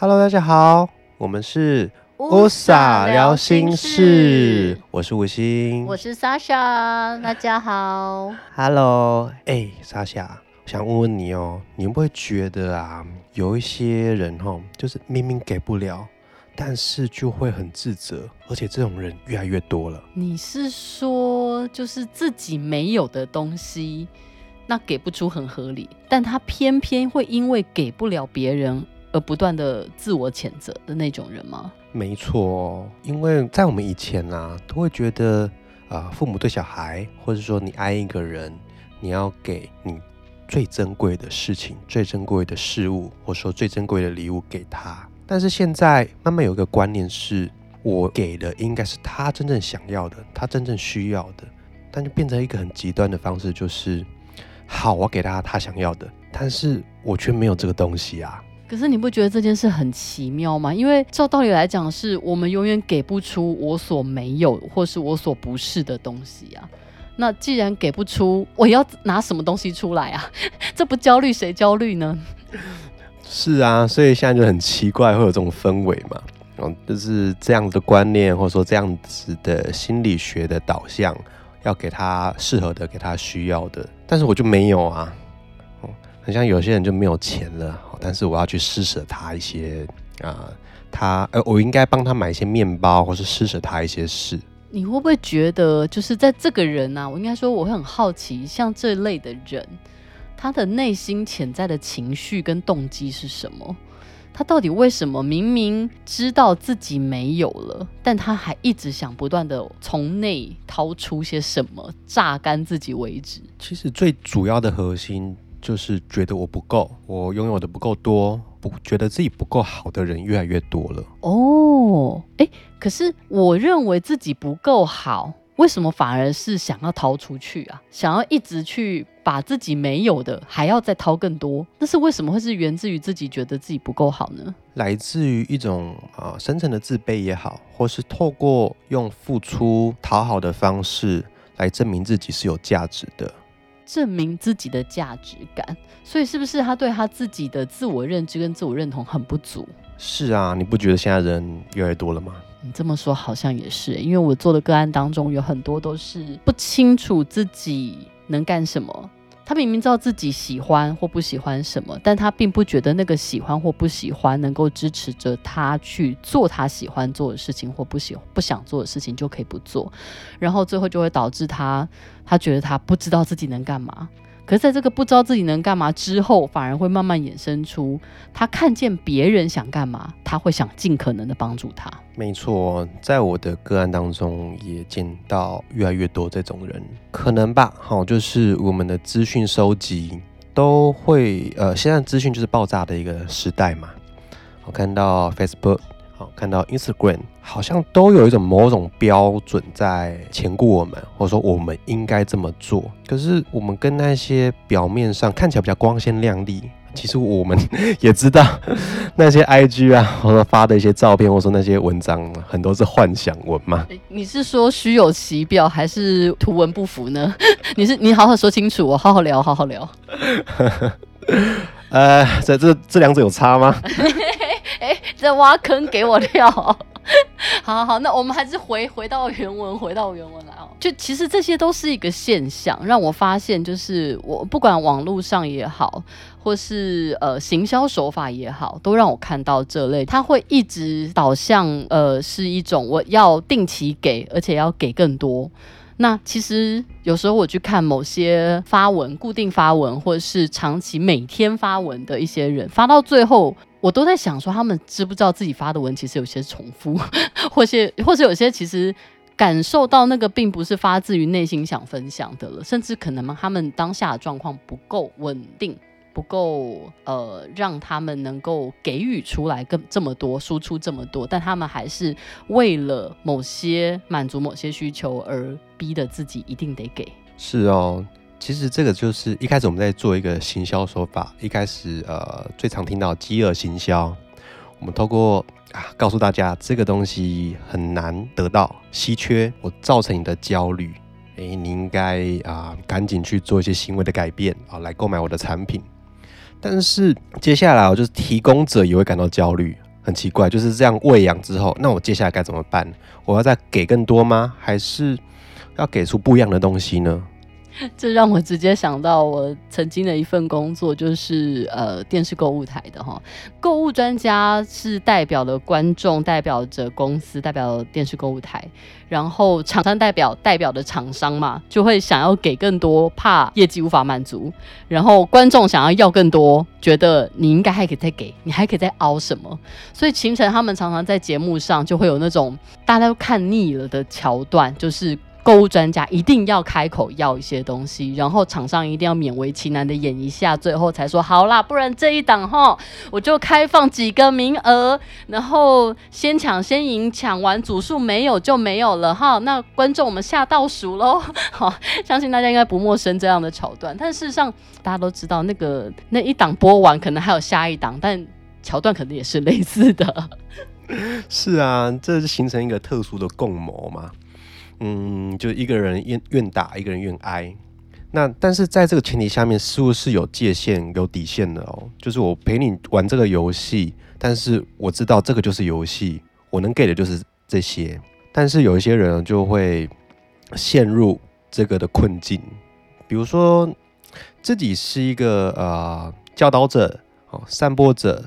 Hello，大家好，我們是 Wu 莎聊心事，我是 Wu 心，我是 Sasha。大家好，Hello，哎、欸，Sasha，想問問你哦，你們不會覺得啊，有一些人哈、哦，就是明明給不了，但是就會很自責，而且這種人越來越多了。你是說，就是自己沒有的東西，那給不出很合理，但他偏偏會因為給不了別人。而不斷的自我譴責的那種人嗎？沒錯，因為在我們以前啊，都會覺得啊、呃，父母對小孩，或者說你愛一個人，你要給你最珍貴的事情，最珍貴的事物，或者說最珍貴的禮物給他。但是現在慢慢有一個觀念是，我給的應該是他真正想要的，他真正需要的。但就變成一個很極端的方式，就是好，我給他他想要的，但是我卻沒有這個東西啊。可是你不覺得這件事很奇妙嗎？因為照道理來講，是我們永遠給不出我所沒有或是我所不是的東西啊。那既然給不出，我要拿什麼東西出來啊？這不焦慮誰焦慮呢？是啊，所以現在就很奇怪，會有這種氛圍嘛。嗯、哦，就是這樣子的觀念，或者說這樣子的心理學的導向，要給他適合的，給他需要的。但是我就沒有啊。嗯、哦，很像有些人就沒有錢了。但是我要去施捨他一些啊，他呃，我應該幫他買一些麵包，或是施捨他一些事。你會不會覺得，就是在這個人啊，我應該說，我會很好奇，像這類的人，他的內心潛在的情緒跟動機是什麼？他到底為什麼明明知道自己沒有了，但他還一直想不斷的從內掏出些什麼，榨乾自己為止？其實最主要的核心。就是覺得我不夠，我擁有的不夠多，不覺得自己不夠好的人越來越多了。哦，哎、欸，可是我認為自己不夠好，為什麼反而是想要掏出去啊？想要一直去把自己沒有的，還要再掏更多？但是為什麼會是源自於自己覺得自己不夠好呢？來自於一種啊深層的自卑也好，或是透過用付出討好的方式來證明自己是有價值的。證明自己的價值感，所以是不是他對他自己的自我認知跟自我認同很不足？是啊，你不覺得現在人越來越多了嗎？你這麼說好像也是，因為我做的個案當中有很多都是不清楚自己能幹什麼。他明明知道自己喜歡或不喜歡什麼，但他並不覺得那個喜歡或不喜歡能夠支持着他去做他喜歡做的事情，或不喜不想做的事情就可以不做，然後最後就會導致他，他覺得他不知道自己能幹嘛。可是，在這個不知道自己能幹嘛之後，反而會慢慢衍生出，他看見別人想幹嘛，他會想盡可能的幫助他。沒錯，在我的個案當中也見到越來越多這種人，可能吧。好，就是我們的資訊收集都會，呃，現在資訊就是爆炸的一個時代嘛。我看到 Facebook。哦，看到 Instagram 好像都有一種某種標準在鉗錮我們，或者說我們應該這麼做。可是我們跟那些表面上看起來比較光鮮亮麗，其實我們也知道那些 IG 啊，或者說發的一些照片，或者說那些文章，很多是幻想文嘛。欸，你是說虛有其表，還是圖文不符呢？你是你好好說清楚，我好好聊，好好聊。 呃，這這這兩者有差嗎？ 哎、欸，在挖坑給我跳！ 好，好，好，那我們還是回回到原文，回到原文來哦、喔。就其實這些都是一個現象，讓我發現，就是我不管網絡上也好，或是呃行銷手法也好，都讓我看到這類，它會一直導向呃是一種我要定期給，而且要給更多。那其實有時候我去看某些發文、固定發文，或是長期每天發文的一些人，發到最後。我都在想，說他們知不知道自己發的文其實有些重複，或是，或是有些其實感受到那個並不是發自於內心想分享的了，甚至可能他們當下的狀況不夠穩定，不夠呃，讓他們能夠給予出來更這麼多輸出這麼多，但他們還是為了某些滿足某些需求而逼得自己一定得給。是哦。其實這個就是一開始我們在做一個行銷手法，一開始呃最常聽到飢餓行銷，我們透過啊告訴大家這個東西很難得到稀缺，我造成你的焦慮，誒，你應該啊、呃、趕緊去做一些行為的改變啊來購買我的產品。但是接下來我就是提供者也會感到焦慮，很奇怪就是這樣餵養之後，那我接下來該怎麼辦？我要再給更多嗎？還是要給出不一樣的東西呢？這讓我直接想到我曾經的一份工作，就是呃電視購物台的哈，購物專家是代表了觀眾，代表着公司，代表電視購物台，然後廠商代表代表的廠商嘛，就會想要給更多，怕業績無法滿足，然後觀眾想要要更多，覺得你應該還可以再給，你還可以再凹什麼，所以秦晨他們常常在節目上就會有那種大家都看膩了的橋段，就是。購物專家一定要開口要一些東西，然後廠商一定要勉為其難的演一下，最後才說好啦，不然這一檔哈我就開放幾個名額，然後先搶先贏，搶完組數沒有就沒有了哈。那觀眾，我們下倒數嘍。好，相信大家應該不陌生這樣的橋段，但事實上大家都知道、那個，那個那一檔播完可能還有下一檔，但橋段可能也是類似的。是啊，這是形成一個特殊的共謀嘛？嗯，就一個人願願打，一個人願挨。那但是在這個前提下面，似乎是有界限、有底線的哦。就是我陪你玩這個遊戲，但是我知道這個就是遊戲，我能給的就是這些。但是有一些人就會陷入這個的困境，比如說自己是一個呃教導者、哦散播者，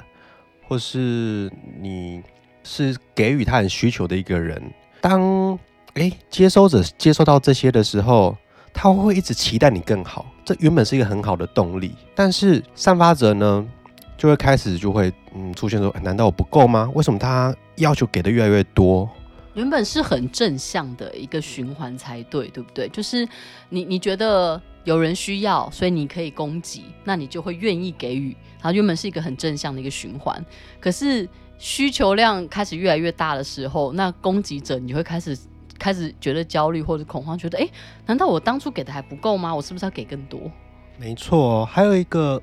或是你是給予他人需求的一個人，當。誒，接收者接收到這些的時候，他會一直期待你更好。這原本是一個很好的動力，但是散發者呢，就會開始就會嗯出現說，難道我不夠嗎？為什麼他要求給的越來越多？原本是很正向的一個循環才對，對不對？就是你你覺得有人需要，所以你可以供給，那你就會願意給予。然後原本是一個很正向的一個循環。可是需求量開始越來越大的時候，那供給者你會開始。開始覺得焦慮或者恐慌，覺得哎、欸，難道我當初給的還不夠嗎？我是不是要給更多？沒錯，還有一個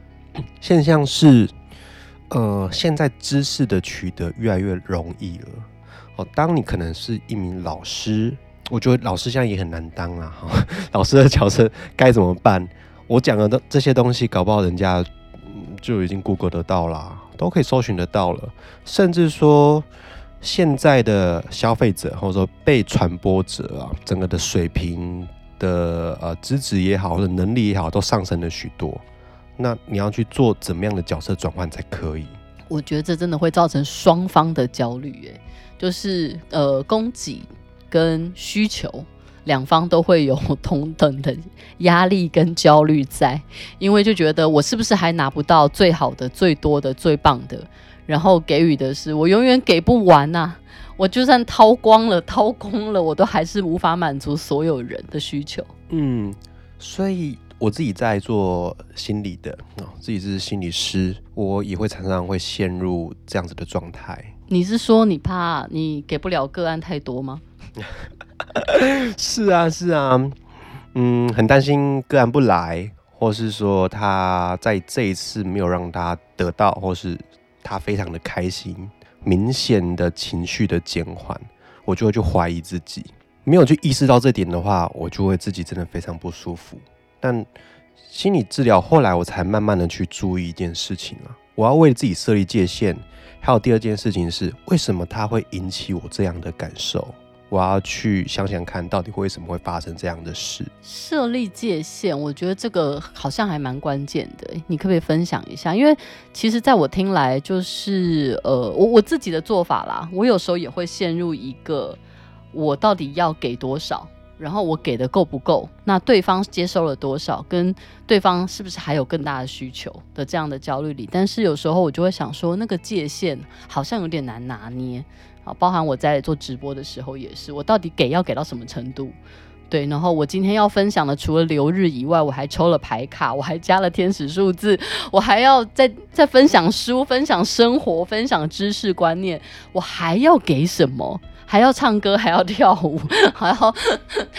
現象是， 呃，現在知識的取得越來越容易了。哦，當你可能是一名老師，我覺得老師現在也很難當了、哦。老師的角色該怎麼辦？我講的都這些東西，搞不好人家就已經 Google 得到了，都可以搜尋得到了，甚至說。現在的消費者或者說被傳播者啊，整個的水平的呃知識也好，或者能力也好，都上升了許多，那你要去做怎麼樣的角色轉換才可以？我覺得這真的會造成雙方的焦慮，哎，就是呃供給跟需求兩方都會有同等的壓力跟焦慮在，因為就覺得我是不是還拿不到最好的、最多的、最棒的？然後給予的是我永遠給不完吶、啊，我就算掏光了、掏空了，我都還是無法滿足所有人的需求。嗯，所以我自己在做心理的、哦，自己是心理師，我也會常常會陷入這樣子的狀態。你是說你怕你給不了個案太多嗎？ 是啊，是啊，嗯，很擔心個案不來，或是說他在這一次沒有讓他得到，或是。他非常的開心，明顯的情緒的減緩，我就會去懷疑自己，沒有去意識到這點的話，我就會自己真的非常不舒服。但心理治療後來我才慢慢的去注意一件事情了啊，我要為自己設立界限。還有第二件事情是，為什麼他會引起我這樣的感受？我要去想想看，到底為什麼會發生這樣的事？設立界限，我覺得這個好像還蠻關鍵的。你可不可以分享一下？因為其實，在我聽來，就是呃，我我自己的做法啦。我有時候也會陷入一個，我到底要給多少，然後我給的夠不夠？那對方接收了多少？跟對方是不是還有更大的需求的這樣的焦慮裡？但是有時候我就會想說，那個界限好像有點難拿捏。好，包含我在做直播的時候也是，我到底給要給到什麼程度？對，然後我今天要分享的除了留日以外，我還抽了牌卡，我還加了天使數字，我還要在在分享書、分享生活、分享知識觀念，我還要給什麼？還要唱歌，還要跳舞，還要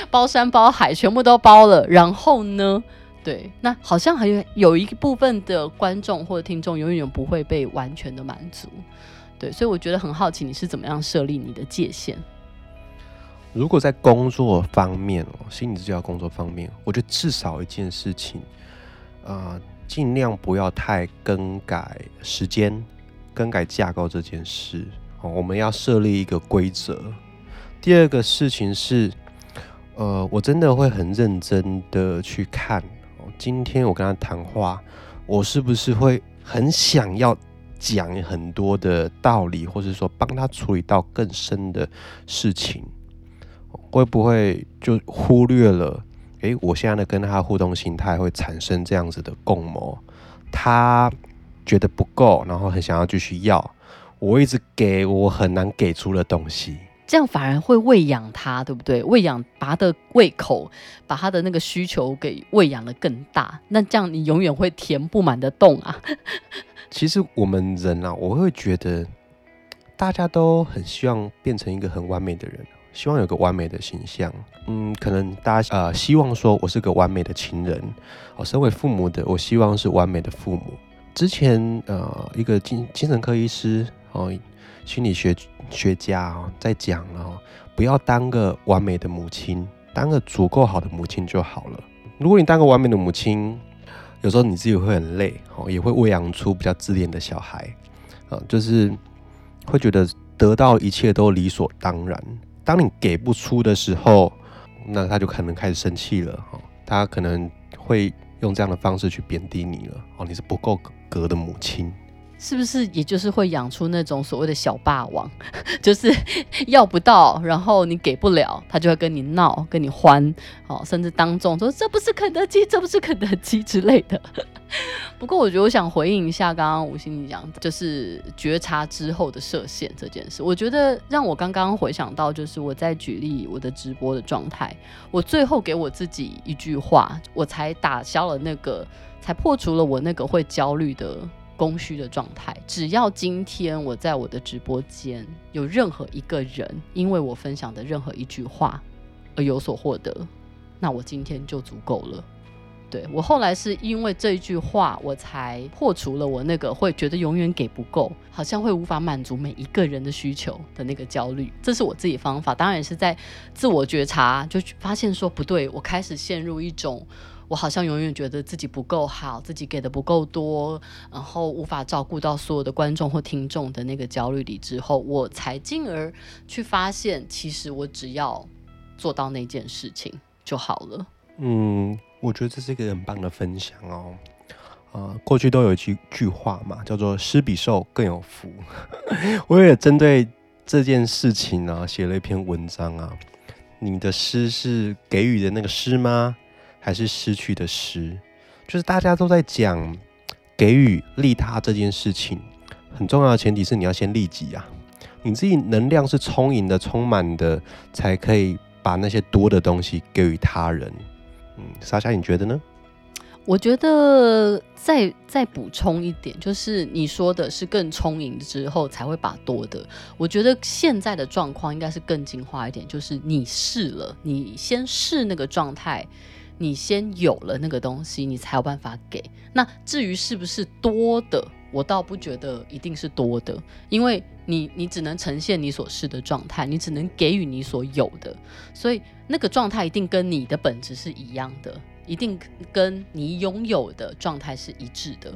包山包海，全部都包了。然後呢？對，那好像還有有一部分的觀眾或者聽眾永遠不會被完全的滿足。對，所以我覺得很好奇，你是怎麼樣設立你的界限？如果在工作方面哦，心理治療工作方面，我覺得至少一件事情，啊，盡量不要太更改時間，更改架構這件事。哦，我們要設立一個規則。第二個事情是，呃，我真的會很認真的去看，哦，今天我跟他談話，我是不是會很想要。講很多的道理，或是說幫他處理到更深的事情，會不會就忽略了？誒，我現在的跟他互動心態，會產生這樣子的共謀，他覺得不夠，然後很想要繼續要，我一直給我很難給出的東西，這樣反而會餵養他，對不對？餵養把他的胃口，把他的那個需求給餵養得更大，那這樣你永遠會填不滿的洞啊。 其實我們人啊，我會覺得大家都很希望變成一個很完美的人，希望有個完美的形象。嗯，可能大家呃希望說我是個完美的情人，哦，身為父母的，我希望是完美的父母。之前呃，一個精精神科醫師哦，心理學學家啊、哦，在講了、哦，不要當個完美的母親，當個足夠好的母親就好了。如果你當個完美的母親，有時候你自己會很累，哦，也會餵養出比較自戀的小孩，啊，就是會覺得得到一切都理所當然。當你給不出的時候，那他就可能開始生氣了，哈，他可能會用這樣的方式去貶低你了，哦，你是不夠格的母親。是不是也就是會養出那種所謂的小霸王， 就是要不到，然後你給不了，他就會跟你鬧，跟你歡，哦，甚至當眾說這不是肯德基，這不是肯德基之類的。 不過，我覺得我想回應一下剛剛吳心理講，就是覺察之後的設限這件事。我覺得讓我剛剛回想到，就是我在舉例我的直播的狀態，我最後給我自己一句話，我才打消了那個，才破除了我那個會焦慮的。供需的狀態，只要今天我在我的直播間有任何一個人因為我分享的任何一句話而有所獲得，那我今天就足夠了。對，我後來是因為這一句話，我才破除了我那個會覺得永遠給不夠，好像會無法滿足每一個人的需求的那個焦慮。這是我自己的方法，當然也是在自我覺察，就發現說不對，我開始陷入一種。我好像永遠覺得自己不夠好，自己給的不夠多，然後無法照顧到所有的觀眾或聽眾的那個焦慮裡之後，我才進而去發現，其實我只要做到那件事情就好了。嗯，我覺得這是一個很棒的分享哦。啊，過去都有一句句話嘛，叫做“施比受更有福”。 我也針對這件事情啊，寫了一篇文章啊。你的“施”是給予的那個“施”嗎？還是失去的失，就是大家都在講給予利他這件事情，很重要的前提是你要先利己啊，你自己能量是充盈的、充滿的，才可以把那些多的東西給予他人。嗯，莎莎，你覺得呢？我覺得再再補充一點，就是你說的是更充盈之後才會把多的。我覺得現在的狀況應該是更進化一點，就是你試了，你先試那個狀態。你先有了那個東西，你才有辦法給。那至於是不是多的，我倒不覺得一定是多的，因為你你只能呈現你所是的狀態，你只能給予你所有的，所以那個狀態一定跟你的本質是一樣的，一定跟你擁有的狀態是一致的。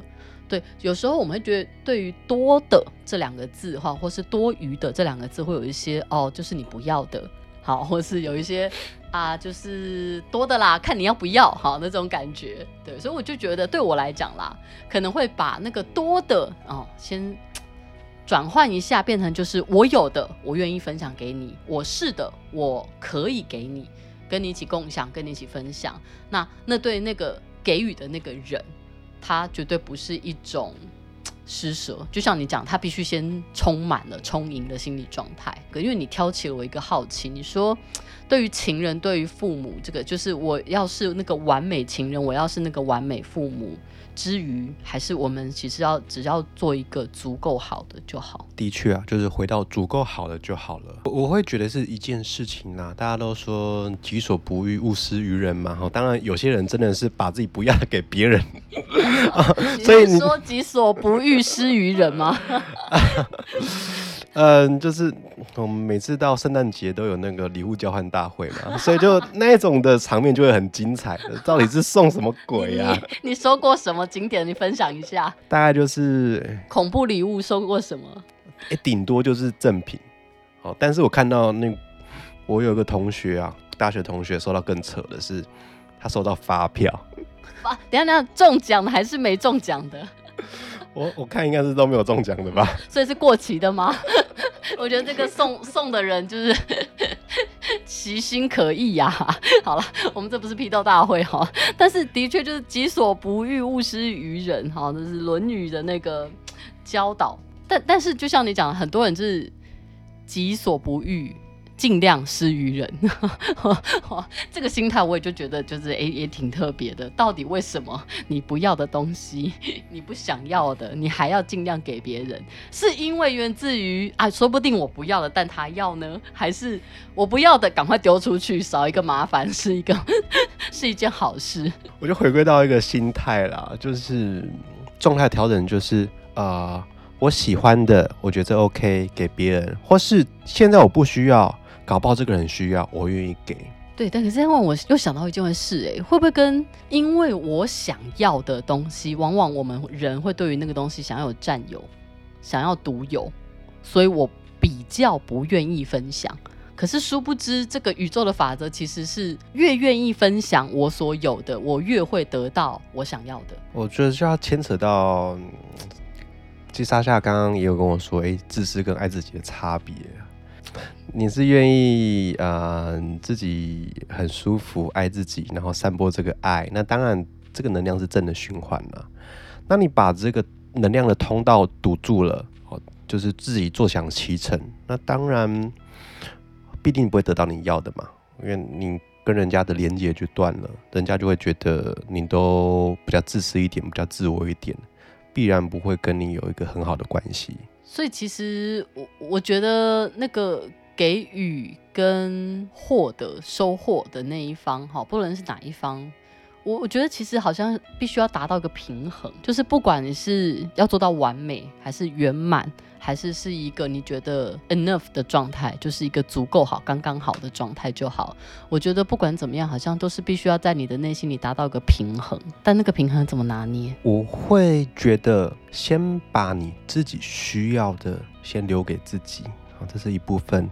對，有時候我們會覺得對於“多的”這兩個字哈，或是“多餘的”這兩個字會有一些哦，就是你不要的，好，或是有一些。啊，就是多的啦，看你要不要，哈、哦？那種感覺，對，所以我就覺得對我來講啦，可能會把那個多的哦，先轉換一下，變成就是我有的，我願意分享給你，我是的，我可以給你，跟你一起共享，跟你一起分享。那那對那個給予的那個人，他絕對不是一種施舍，就像你講，他必須先充滿了充盈的心理狀態。可因為你挑起了我一個好奇，你說。對於情人，對於父母，這個就是我要是那個完美情人，我要是那個完美父母之餘，還是我們其實要只要做一個足夠好的就好。的確啊，就是回到足夠好的就好了。我，我會覺得是一件事情啊。大家都說己所不欲，勿施於人嘛。哈、哦，當然有些人真的是把自己不要給別人，所以 說己所不欲，施於人嘛？ 嗯，就是我們每次到聖誕節都有那個禮物交換大會嘛， 所以就那種的場面就會很精彩的。到底是送什麼鬼呀？你收過什麼景點？你分享一下。大概就是恐怖禮物，收過什麼？哎，頂多就是贈品哦。但是我看到那，我有一個同學啊，大學同學收到更扯的是，他收到發票。啊，等下等下，中獎的還是沒中獎的？我我看應該是都沒有中獎的吧？所以是過期的嗎？ 我覺得這個送 送的人就是 其心可議呀、啊。好了，我們這不是批鬥大會哈，但是的確就是己所不欲，勿施於人哈，這是《論語》的那個教導。但但是就像你講，很多人就是己所不欲。盡量施於人， 這個心態我也就覺得就是也、欸欸、挺特別的。到底為什麼你不要的東西，你不想要的，你還要盡量給別人？是因為源自於啊，說不定我不要了，但他要呢？還是我不要的，趕快丟出去，少一個麻煩是一個 是一件好事。我就回歸到一個心態啦，就是狀態調整，就是啊、呃，我喜歡的，我覺得 OK，給別人，或是現在我不需要。搞不好這個人需要，我願意給。對，但可是因為我又想到一件事，哎，會不會跟因為我想要的東西，往往我們人會對於那個東西想要有占有，想要獨有，所以我比較不願意分享。可是殊不知，這個宇宙的法則其實是越願意分享我所有的，我越會得到我想要的。我覺得就要牽扯到，其實莎莎剛剛也有跟我說，哎、欸，自私跟愛自己的差別。你是願意啊，呃、自己很舒服愛自己，然後散播這個愛，那當然這個能量是正的循環嘛。那你把這個能量的通道堵住了，哦，就是自己坐享其成，那當然必定不會得到你要的嘛，因為你跟人家的連接就斷了，人家就會覺得你都比較自私一點，比較自我一點，必然不會跟你有一個很好的關係。所以其實我我覺得那個。給予跟獲得收穫的那一方，哈，不論是哪一方，我我覺得其實好像必須要達到一個平衡，就是不管你是要做到完美，還是圓滿，還是是一個你覺得 enough 的狀態，就是一個足夠好、剛剛好的狀態就好。我覺得不管怎麼樣，好像都是必須要在你的內心裡達到一個平衡，但那個平衡怎麼拿捏？我會覺得先把你自己需要的先留給自己，啊，這是一部分。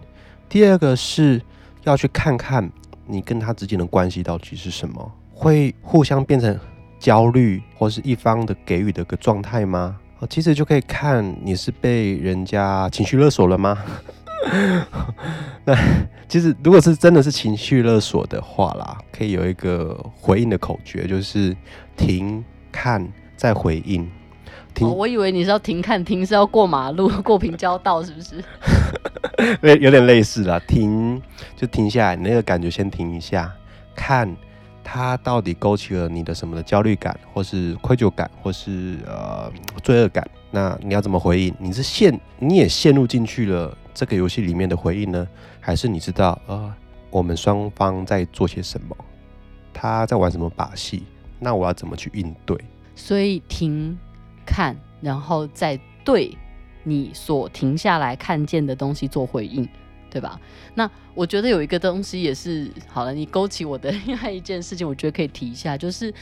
第二個是要去看看你跟他之間的關係到底是什麼，會互相變成焦慮，或是一方的給予的一個狀態嗎？哦，其實就可以看你是被人家情緒勒索了嗎？ 那其實如果是真的是情緒勒索的話啦，可以有一個回應的口訣，就是停、看、再回應。停 哦、我以為你是要停看停，是要過馬路過平交道，是不是？ 有點類似啦，停就停下來，你那個感覺先停一下，看他到底勾起了你的什麼的焦慮感，或是愧疚感，或是呃罪惡感。那你要怎麼回應？你是陷你也陷入進去了這個遊戲裡面的回應呢，還是你知道啊、呃，我們雙方在做些什麼？他在玩什麼把戲？那我要怎麼去應對？所以停。看，然後再對你所停下來看見的東西做回應，對吧？那我覺得有一個東西也是好了，你勾起我的另外一件事情，我覺得可以提一下，就是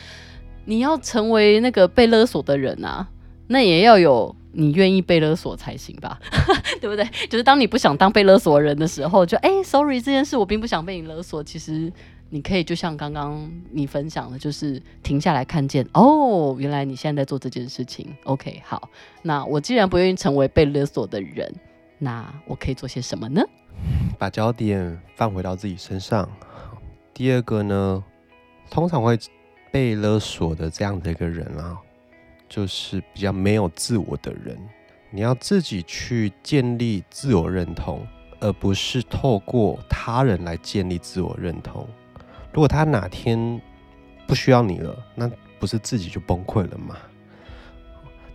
你要成為那個被勒索的人啊，那也要有你願意被勒索才行吧， 對不對？就是當你不想當被勒索的人的時候，就哎、欸、，sorry，這件事我並不想被你勒索，其實。你可以就像剛剛你分享的，就是停下來看見哦，原來你現在在做這件事情。OK，好，那我既然不願意成為被勒索的人，那我可以做些什麼呢？把焦點放回到自己身上。第二個呢，通常會被勒索的這樣的一個人啊，就是比較沒有自我的人。你要自己去建立自我認同，而不是透過他人來建立自我認同。如果他哪天不需要你了，那不是自己就崩潰了嗎？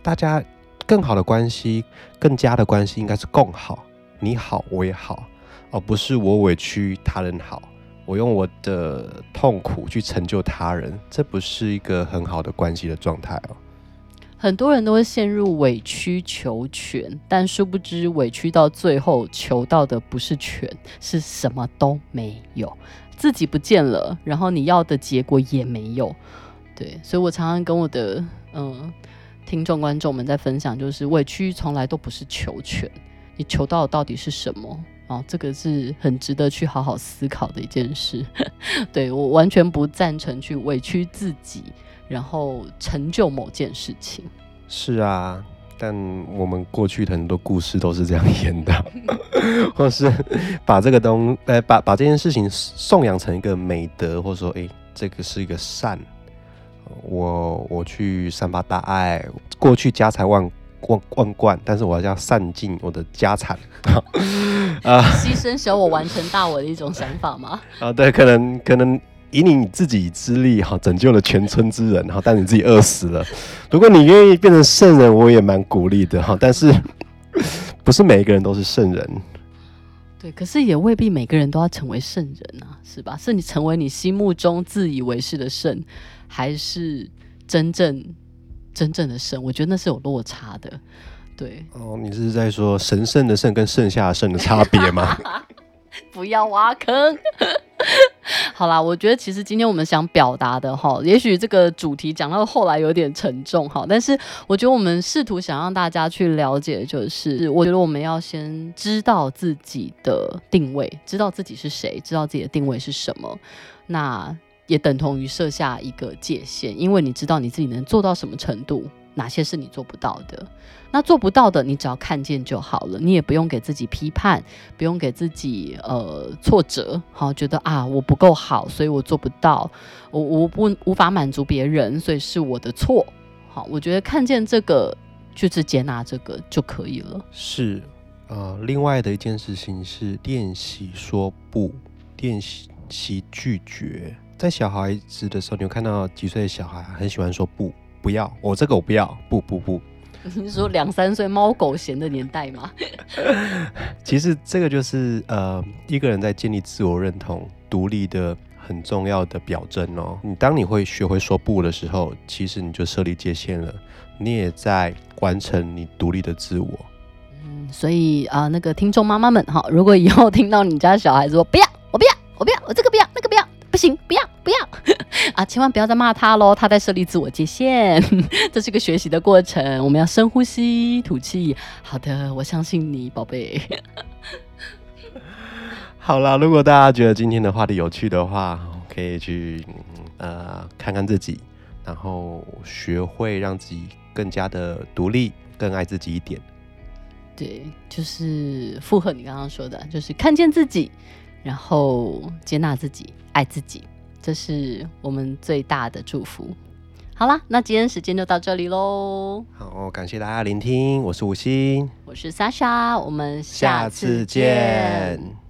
大家更好的關係，更加的關係應該是共好，你好我也好，而、哦、不是我委屈他人好，我用我的痛苦去成就他人，這不是一個很好的關係的狀態哦、啊。很多人都會陷入委曲求全，但殊不知委屈到最後求到的不是全，是什麼都沒有。自己不見了，然後你要的結果也沒有，對，所以我常常跟我的嗯聽眾觀眾們在分享，就是委屈從來都不是求全，你求到的到底是什麼？哦、啊，這個是很值得去好好思考的一件事。 對，我完全不贊成去委屈自己，然後成就某件事情。是啊。但我們過去很多故事都是這樣演的， 或是把這個東西呃把把這件事情頌揚成一個美德，或者說哎、欸、這個是一個善，我我去散發大愛，過去家財萬萬萬貫，但是我還要散盡我的家產 啊，犧牲小我完成大我的一種想法嗎？啊對，可能可能。以你自己之力哈拯救了全村之人，哈，但你自己餓死了。如果你願意變成聖人，我也蠻鼓勵的哈。但是不是每一個人都是聖人？對，可是也未必每個人都要成為聖人啊，是吧？是你成為你心目中自以為是的聖，還是真正真正的聖？我覺得那是有落差的。對哦，你是，是在說神聖的聖跟剩下的聖，的差別嗎？ 不要挖坑。 好啦，我覺得其實今天我們想表達的哈，也許這個主題講到後來有點沉重哈，但是我覺得我們試圖想讓大家去了解，就是我覺得我們要先知道自己的定位，知道自己是誰，知道自己的定位是什麼，那也等同於設下一個界限，因為你知道你自己能做到什麼程度。哪些是你做不到的？那做不到的，你只要看見就好了，你也不用給自己批判，不用給自己呃挫折，好，覺得啊，我不夠好，所以我做不到，我我不無法滿足別人，所以是我的錯，好，我覺得看見這個就是接納這個就可以了。是，呃，另外的一件事情是練習說不，練習習拒絕。在小孩子的時候，你會看到幾歲的小孩很喜歡說不？不要，我、哦、這個我不要，不不不，不 你說兩三歲貓狗嫌的年代嗎？ 其實這個就是呃，一個人在建立自我認同、獨立的很重要的表徵哦。你當你會學會說不的時候，其實你就設立界限了，你也在完成你獨立的自我。嗯，所以啊、呃，那個聽眾媽媽們哈、哦，如果以後聽到你家小孩子說不要，我不要，我不要，我這個不要，那個不要，不行，不要，不要。 啊，千萬不要再罵他嘍！他在設立自我界限，呵呵，這是一個學習的過程。我們要深呼吸，吐氣。好的，我相信你，寶貝。 好啦，如果大家覺得今天的話題有趣的話，可以去呃看看自己，然後學會讓自己更加的獨立，更愛自己一點。對，就是附和你剛剛說的，就是看見自己，然後接納自己，愛自己。這是我們最大的祝福。好啦，那今天時間就到這裡嘍。好、哦，感謝大家聆聽。我是 Wu 心，我是 Sasha，我們下次見。